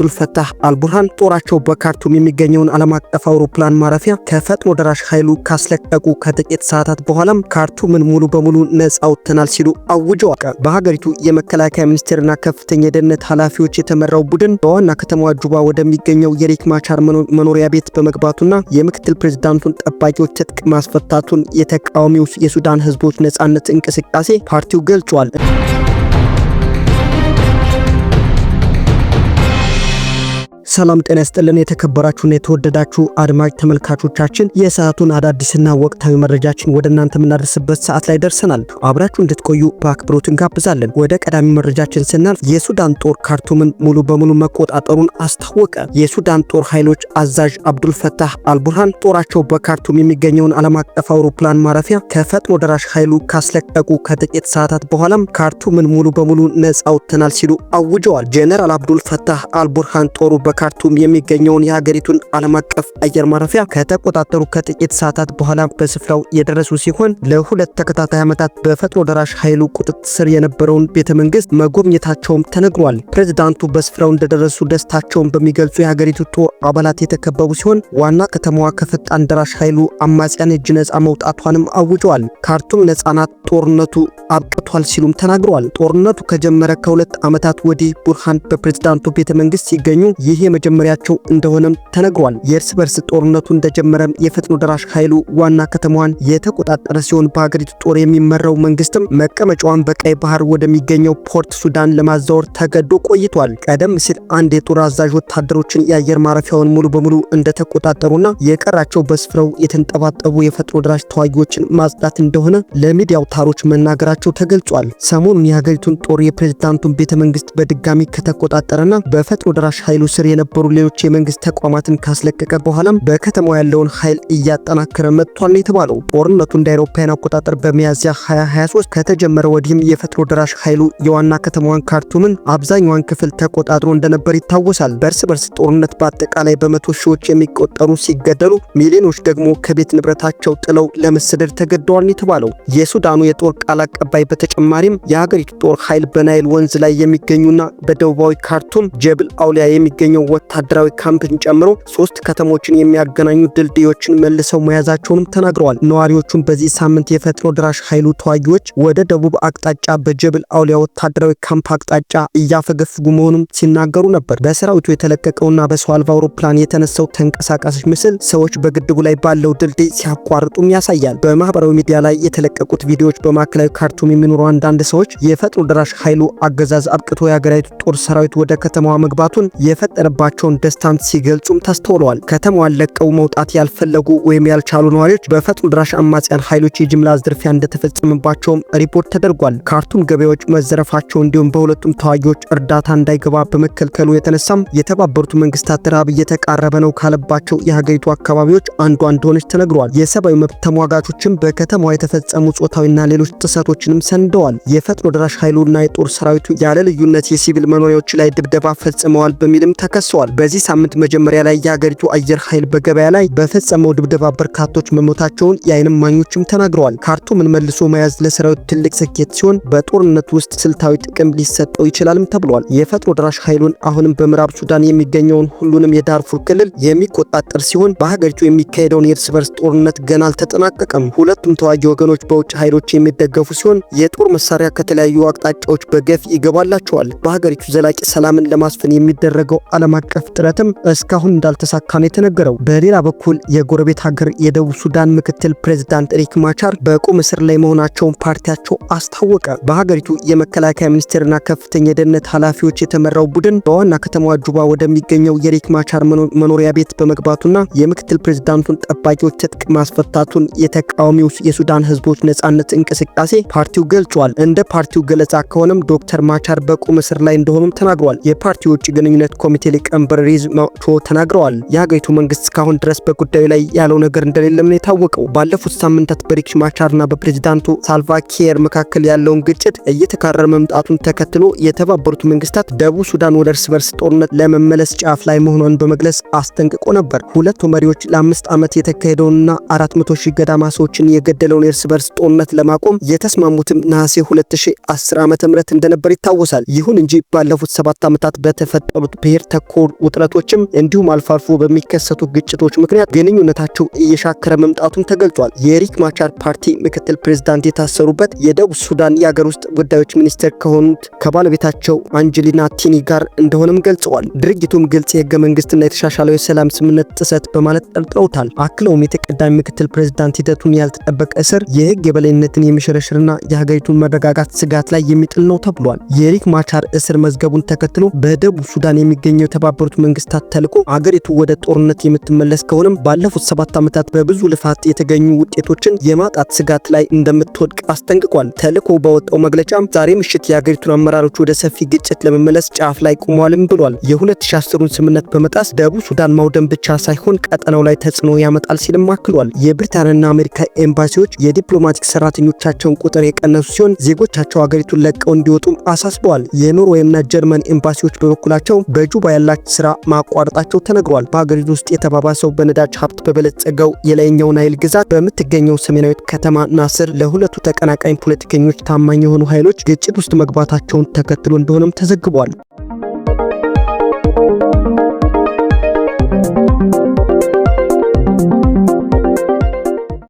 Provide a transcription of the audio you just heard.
አብዱልፈታህ አልቡርሃን ጦራቸው በካርቱም የሚገኘውን ዓለም አቀፍ አውሮፕላን ማረፊያ ከፈጥኖ ደራሽ ኃይሉ ካስለቀቁ ከጥቂት ሰዓታት በኋላም ካርቱምን ሙሉ በሙሉ ነጻ ሲሉ አውጀዋል። በሀገሪቱ የመከላከያ ሚኒስቴርና ከፍተኛ የደህንነት ኃላፊዎች የተመራው ቡድን በዋና ከተማዋ ጁባ ወደሚገኘው የሪክ ማቻር መኖሪያ ቤት በመግባቱና የምክትል ፕሬዝዳንቱን ጠባቂዎች ትጥቅ ማስፈታቱን የተቃዋሚው የሱዳን ህዝቦች ነጻነት እንቅስቃሴ ፓርቲው ገልጿል። ሰላም ጤና ይስጥልን። የተከበራችሁና የተወደዳችሁ አድማጭ ተመልካቾቻችን የሰዓቱን አዳዲስና ወቅታዊ መረጃችን ወደ እናንተ የምናደርስበት ሰዓት ላይ ደርሰናል። አብራችሁ እንድትቆዩ በአክብሮት እንጋብዛለን። ወደ ቀዳሚ መረጃችን ስናልፍ የሱዳን ጦር ካርቱምን ሙሉ በሙሉ መቆጣጠሩን አስታወቀ። የሱዳን ጦር ኃይሎች አዛዥ አብዱልፈታህ አልቡርሃን ጦራቸው በካርቱም የሚገኘውን ዓለም አቀፍ አውሮፕላን ማረፊያ ከፈጥኖ ደራሽ ኃይሉ ካስለቀቁ ከጥቂት ሰዓታት በኋላም ካርቱምን ሙሉ በሙሉ ነጻ አውጥተናል ሲሉ አውጀዋል። ጄኔራል አብዱልፈታህ አልቡርሃን ጦሩ በ ካርቱም የሚገኘውን የሀገሪቱን ዓለም አቀፍ አየር ማረፊያ ከተቆጣጠሩ ከጥቂት ሰዓታት በኋላ በስፍራው የደረሱ ሲሆን ለሁለት ተከታታይ ዓመታት በፈጥኖ ደራሽ ኃይሉ ቁጥጥር ስር የነበረውን ቤተ መንግስት መጎብኘታቸውም ተነግሯል። ፕሬዚዳንቱ በስፍራው እንደደረሱ ደስታቸውን በሚገልጹ የሀገሪቱ ጦር አባላት የተከበቡ ሲሆን ዋና ከተማዋ ከፈጣን ደራሽ ኃይሉ አማጽያን እጅ ነጻ መውጣቷንም አውጀዋል። ካርቱም ነጻናት ጦርነቱ አብቅቷል ሲሉም ተናግረዋል። ጦርነቱ ከጀመረ ከሁለት ዓመታት ወዲህ ቡርሃን በፕሬዝዳንቱ ቤተ መንግስት ሲገኙ ይህ የመጀመሪያቸው እንደሆነም ተነግሯል። የእርስ በርስ ጦርነቱ እንደጀመረም የፈጥኖ ደራሽ ኃይሉ ዋና ከተማዋን የተቆጣጠረ ሲሆን በሀገሪቱ ጦር የሚመራው መንግስትም መቀመጫዋን በቀይ ባህር ወደሚገኘው ፖርት ሱዳን ለማዛወር ተገዶ ቆይቷል። ቀደም ሲል አንድ የጦር አዛዥ ወታደሮችን የአየር ማረፊያውን ሙሉ በሙሉ እንደተቆጣጠሩና የቀራቸው በስፍራው የተንጠባጠቡ የፈጥኖ ደራሽ ተዋጊዎችን ማጽዳት እንደሆነ ለሚዲያው ታሮች መናገራቸው ተገልጿል። ሰሞኑን የሀገሪቱን ጦር የፕሬዝዳንቱን ቤተ መንግስት በድጋሚ ከተቆጣጠረና በፈጥኖ ደራሽ ኃይሉ ስር የነበሩ ሌሎች የመንግስት ተቋማትን ካስለቀቀ በኋላም በከተማው ያለውን ኃይል እያጠናከረ መጥቷል ነው የተባለው። ጦርነቱ እንደ አውሮፓውያን አቆጣጠር በሚያዝያ 2023 ከተጀመረ ወዲህም የፈጥኖ ደራሽ ኃይሉ የዋና ከተማዋን ካርቱምን አብዛኛዋን ክፍል ተቆጣጥሮ እንደነበር ይታወሳል። በእርስ በርስ ጦርነት በአጠቃላይ በመቶ ሺዎች የሚቆጠሩ ሲገደሉ ሚሊዮኖች ደግሞ ከቤት ንብረታቸው ጥለው ለመሰደድ ተገደዋል የተባለው የሱዳኑ የጦር ቃል አቀባይ በተጨማሪም የሀገሪቱ ጦር ኃይል በናይል ወንዝ ላይ የሚገኙና በደቡባዊ ካርቱም ጀብል አውሊያ የሚገኘው ወታደራዊ ካምፕን ጨምሮ ሶስት ከተሞችን የሚያገናኙ ድልድዮችን መልሰው መያዛቸውንም ተናግረዋል። ነዋሪዎቹም በዚህ ሳምንት የፈጥኖ ድራሽ ኃይሉ ተዋጊዎች ወደ ደቡብ አቅጣጫ በጀብል አውሊያ ወታደራዊ ካምፕ አቅጣጫ እያፈገፍጉ መሆኑም ሲናገሩ ነበር። በሰራዊቱ የተለቀቀውና በሰው አልባ አውሮፕላን የተነሳው ተንቀሳቃሽ ምስል ሰዎች በግድቡ ላይ ባለው ድልድይ ሲያቋርጡም ያሳያል። በማህበራዊ ሚዲያ ላይ የተለቀቁት ቪዲዮዎች በማዕከላዊ ካርቱም የሚኖሩ አንዳንድ ሰዎች የፈጥኖ ድራሽ ኃይሉ አገዛዝ አብቅቶ የሀገሪቱ ጦር ሰራዊት ወደ ከተማዋ መግባቱን የፈጠረ የደረሰባቸውን ደስታም ሲገልጹም ተስተውለዋል። ከተማዋን ለቀው መውጣት ያልፈለጉ ወይም ያልቻሉ ነዋሪዎች በፈጥኖ ድራሽ አማጽያን ኃይሎች የጅምላ ዝርፊያ እንደተፈጸመባቸውም ሪፖርት ተደርጓል። ካርቱም ገበያዎች መዘረፋቸው እንዲሁም በሁለቱም ተዋጊዎች እርዳታ እንዳይገባ በመከልከሉ የተነሳም የተባበሩት መንግስታት ረሃብ እየተቃረበ ነው ካለባቸው የሀገሪቱ አካባቢዎች አንዷ እንደሆነች ተነግሯል። የሰብአዊ መብት ተሟጋቾችም በከተማዋ የተፈጸሙ ጾታዊና ሌሎች ጥሰቶችንም ሰንደዋል። የፈጥኖ ድራሽ ኃይሉና የጦር ሰራዊቱ ያለ ልዩነት የሲቪል መኖሪያዎች ላይ ድብደባ ፈጽመዋል በሚልም ተከ ከሰዋል። በዚህ ሳምንት መጀመሪያ ላይ የሀገሪቱ አየር ኃይል በገበያ ላይ በፈጸመው ድብደባ በርካቶች መሞታቸውን የዓይን እማኞችም ተናግረዋል። ካርቱምን መልሶ መያዝ ለሰራዊት ትልቅ ስኬት ሲሆን በጦርነት ውስጥ ስልታዊ ጥቅም ሊሰጠው ይችላልም ተብሏል። የፈጥኖ ደራሽ ኃይሉን አሁንም በምዕራብ ሱዳን የሚገኘውን ሁሉንም የዳርፉር ክልል የሚቆጣጠር ሲሆን በሀገሪቱ የሚካሄደውን የእርስ በርስ ጦርነት ገና አልተጠናቀቀም። ሁለቱም ተዋጊ ወገኖች በውጭ ኃይሎች የሚደገፉ ሲሆን የጦር መሳሪያ ከተለያዩ አቅጣጫዎች በገፍ ይገባላቸዋል። በሀገሪቱ ዘላቂ ሰላምን ለማስፈን የሚደረገው ዓለም ዓለም አቀፍ ጥረትም እስካሁን እንዳልተሳካ ነው የተነገረው። በሌላ በኩል የጎረቤት ሀገር የደቡብ ሱዳን ምክትል ፕሬዝዳንት ሪክ ማቻር በቁም እስር ላይ መሆናቸውን ፓርቲያቸው አስታወቀ። በሀገሪቱ የመከላከያ ሚኒስቴርና ከፍተኛ የደህንነት ኃላፊዎች የተመራው ቡድን በዋና ከተማዋ ጁባ ወደሚገኘው የሪክ ማቻር መኖሪያ ቤት በመግባቱና የምክትል ፕሬዝዳንቱን ጠባቂዎች ትጥቅ ማስፈታቱን የተቃዋሚው የሱዳን ህዝቦች ነጻነት እንቅስቃሴ ፓርቲው ገልጿል። እንደ ፓርቲው ገለጻ ከሆነም ዶክተር ማቻር በቁም እስር ላይ እንደሆኑም ተናግሯል። የፓርቲው ውጭ ግንኙነት ኮሚቴ ቀንበር ሪዝ ተናግረዋል። የሀገሪቱ መንግስት እስካሁን ድረስ በጉዳዩ ላይ ያለው ነገር እንደሌለም ነው የታወቀው። ባለፉት ሳምንታት በሪክ ማቻርና በፕሬዚዳንቱ ሳልቫ ኪር መካከል ያለውን ግጭት እየተካረረ መምጣቱን ተከትሎ የተባበሩት መንግስታት ደቡብ ሱዳን ወደ እርስ በርስ ጦርነት ለመመለስ ጫፍ ላይ መሆኗን በመግለጽ አስጠንቅቆ ነበር። ሁለቱ መሪዎች ለአምስት ዓመት የተካሄደውንና 400 ሺህ ገዳማ ሰዎችን የገደለውን የእርስ በርስ ጦርነት ለማቆም የተስማሙትም ነሐሴ 2010 ዓ.ም እንደነበር ይታወሳል። ይሁን እንጂ ባለፉት ሰባት ዓመታት በተፈጠሩት ብሔር ተኮ ተኮር ውጥረቶችም እንዲሁም አልፎ አልፎ በሚከሰቱ ግጭቶች ምክንያት ግንኙነታቸው እየሻከረ መምጣቱም ተገልጿል። የሪክ ማቻር ፓርቲ ምክትል ፕሬዝዳንት የታሰሩበት የደቡብ ሱዳን የአገር ውስጥ ጉዳዮች ሚኒስትር ከሆኑት ከባለቤታቸው አንጀሊና ቲኒ ጋር እንደሆነም ገልጸዋል። ድርጊቱም ግልጽ የህገ መንግስትና የተሻሻለው የሰላም ስምምነት ጥሰት በማለት ጠርጥረውታል። አክለውም የተቀዳሚ ምክትል ፕሬዝዳንት ሂደቱን ያልተጠበቀ እስር የህግ የበላይነትን የሚሸረሽርና የሀገሪቱን መረጋጋት ስጋት ላይ የሚጥል ነው ተብሏል። የሪክ ማቻር እስር መዝገቡን ተከትሎ በደቡብ ሱዳን የሚገኘው የተባበሩት መንግስታት ተልዕኮ አገሪቱ ወደ ጦርነት የምትመለስ ከሆነም ባለፉት ሰባት ዓመታት በብዙ ልፋት የተገኙ ውጤቶችን የማጣት ስጋት ላይ እንደምትወድቅ አስጠንቅቋል። ተልዕኮ በወጣው መግለጫም ዛሬ ምሽት የአገሪቱን አመራሮች ወደ ሰፊ ግጭት ለመመለስ ጫፍ ላይ ቆሟልም ብሏል። የ2010ሩን ስምምነት በመጣስ ደቡብ ሱዳን ማውደም ብቻ ሳይሆን ቀጠናው ላይ ተጽዕኖ ያመጣል ሲልም አክሏል። የብሪታንያና አሜሪካ ኤምባሲዎች የዲፕሎማቲክ ሰራተኞቻቸውን ቁጥር የቀነሱ ሲሆን ዜጎቻቸው አገሪቱን ለቀው እንዲወጡም አሳስበዋል። የኖርዌይና ጀርመን ኤምባሲዎች በበኩላቸው በጁባ ያለ የሽላች ስራ ማቋረጣቸው ተነግሯል። በሀገሪቱ ውስጥ የተባባሰው በነዳጅ ሀብት በበለጸገው የላይኛው ናይል ግዛት በምትገኘው ሰሜናዊት ከተማ ናስር ለሁለቱ ተቀናቃኝ ፖለቲከኞች ታማኝ የሆኑ ኃይሎች ግጭት ውስጥ መግባታቸውን ተከትሎ እንደሆነም ተዘግቧል።